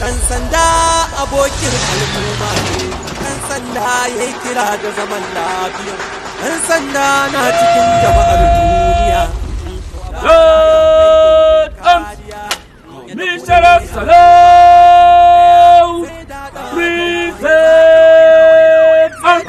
ɗan sanda abokin al'umma ne ɗan sanda ya yi kira da zaman lafiya ɗan sanda na cikin jama'ar duniya Misharar Salau! Prefect!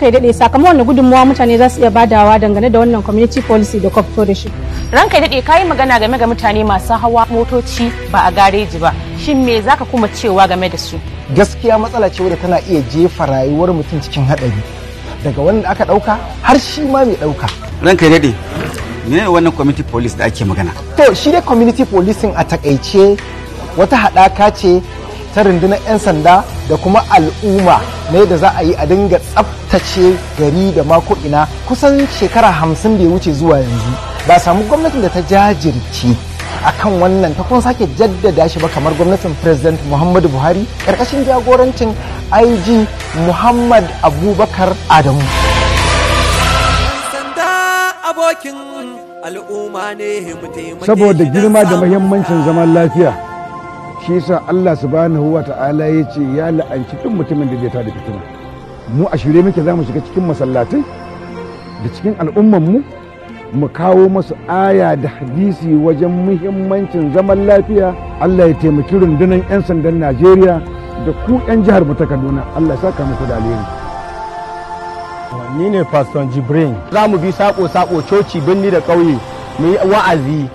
ranka ya daɗe sakamakon wanda gudunmawa mutane za su iya badawa dangane da wannan community policy da cop fito shi. Ranka ya daɗe ka yi magana game ga mutane masu hawa motoci ba a gareji ba. Shin me za ka kuma cewa game da su? Gaskiya matsala ce wadda tana iya jefa rayuwar mutum cikin haɗari. Daga wanda aka ɗauka har shi ma mai ɗauka. Ranka ya daɗe. ne wannan community police da ake magana? To shi dai community policing a takaice wata haɗaka ce ta rundunar 'yan sanda da kuma al'umma ne da za a yi a dinga tsabtace gari da mako ina kusan shekara hamsin da ya wuce zuwa yanzu ba samu gwamnatin da ta jajirce akan wannan ta kuma sake jaddada shi ba kamar gwamnatin president muhammadu buhari karkashin jagorancin ig muhammad abubakar adamu saboda girma da muhimmancin zaman lafiya shi yasa Allah bani huwa ta'ala ya ce ya la'anci duk mutumin da zai tada fitina mu a shirye muke za mu shiga cikin masallatin da cikin al'umman mu mu kawo masu aya da hadisi wajen muhimmancin zaman lafiya Allah ya taimaki rundunar 'yan sandan Najeriya da ku 'yan jihar mu ta Kaduna Allah ya saka muku da alheri ni ne Pastor Jibrin za mu bi sako-sako coci binni da ƙauye mu yi wa'azi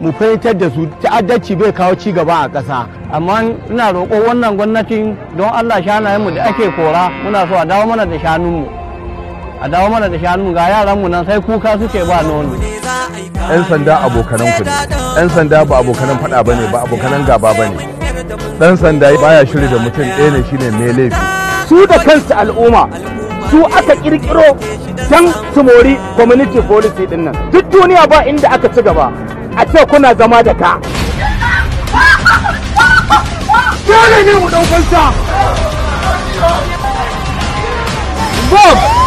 mu fahimtar da su ta'addanci bai kawo ci gaba a ƙasa amma ina roƙo wannan gwamnatin don allah shanayenmu da ake kora muna so a dawo mana da shanunmu a dawo mana da shanunmu ga yaranmu nan sai kuka suke ba nono yan sanda abokanan ku yan sanda ba abokanan faɗa bane ba abokanan gaba bane ɗan sanda baya shiri da mutum ɗaya ne shine mai laifi su da kansu al'umma su aka kirkiro can su mori community policy din nan duk duniya ba inda aka ci gaba a ce kuna zama da ka dole ne mu ɗaukansa Bob!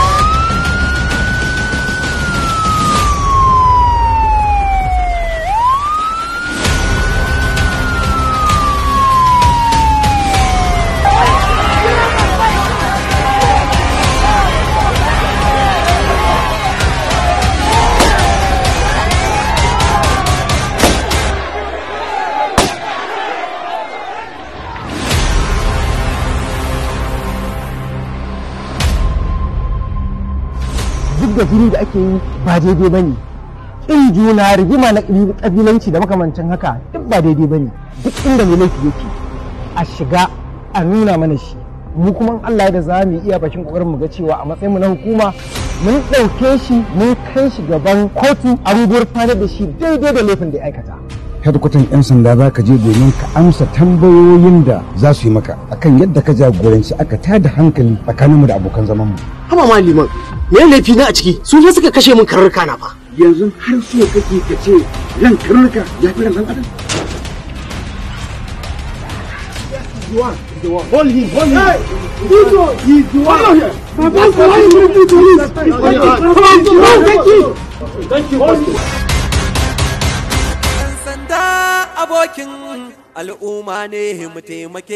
duk da jini da ake yi ba daidai ba ne ƙin juna rigima na ƙabilanci da makamancin haka duk ba daidai ba ne duk inda mai laifi yake a shiga a nuna mana shi mu kuma Allah da za mu iya bakin kokarin mu ga cewa a matsayin mu na hukuma mun ɗauke shi mun kai shi gaban kotu a gurfanar da shi daidai da laifin da ya aikata hedkwatan 'yan sanda za ka je domin ka amsa tambayoyin da za su yi maka akan yadda ka jagoranci aka tada hankali tsakaninmu da abokan zamanmu. Hama ma liman, me laifi na a ciki su ne suka kashe min karnuka na fa. Yanzu har so kake ka ce ran karnuka ya fi ran adam. Hold him, hold him. Hey, he's you thank you. Thank you. abokin al'umma ne mu taimake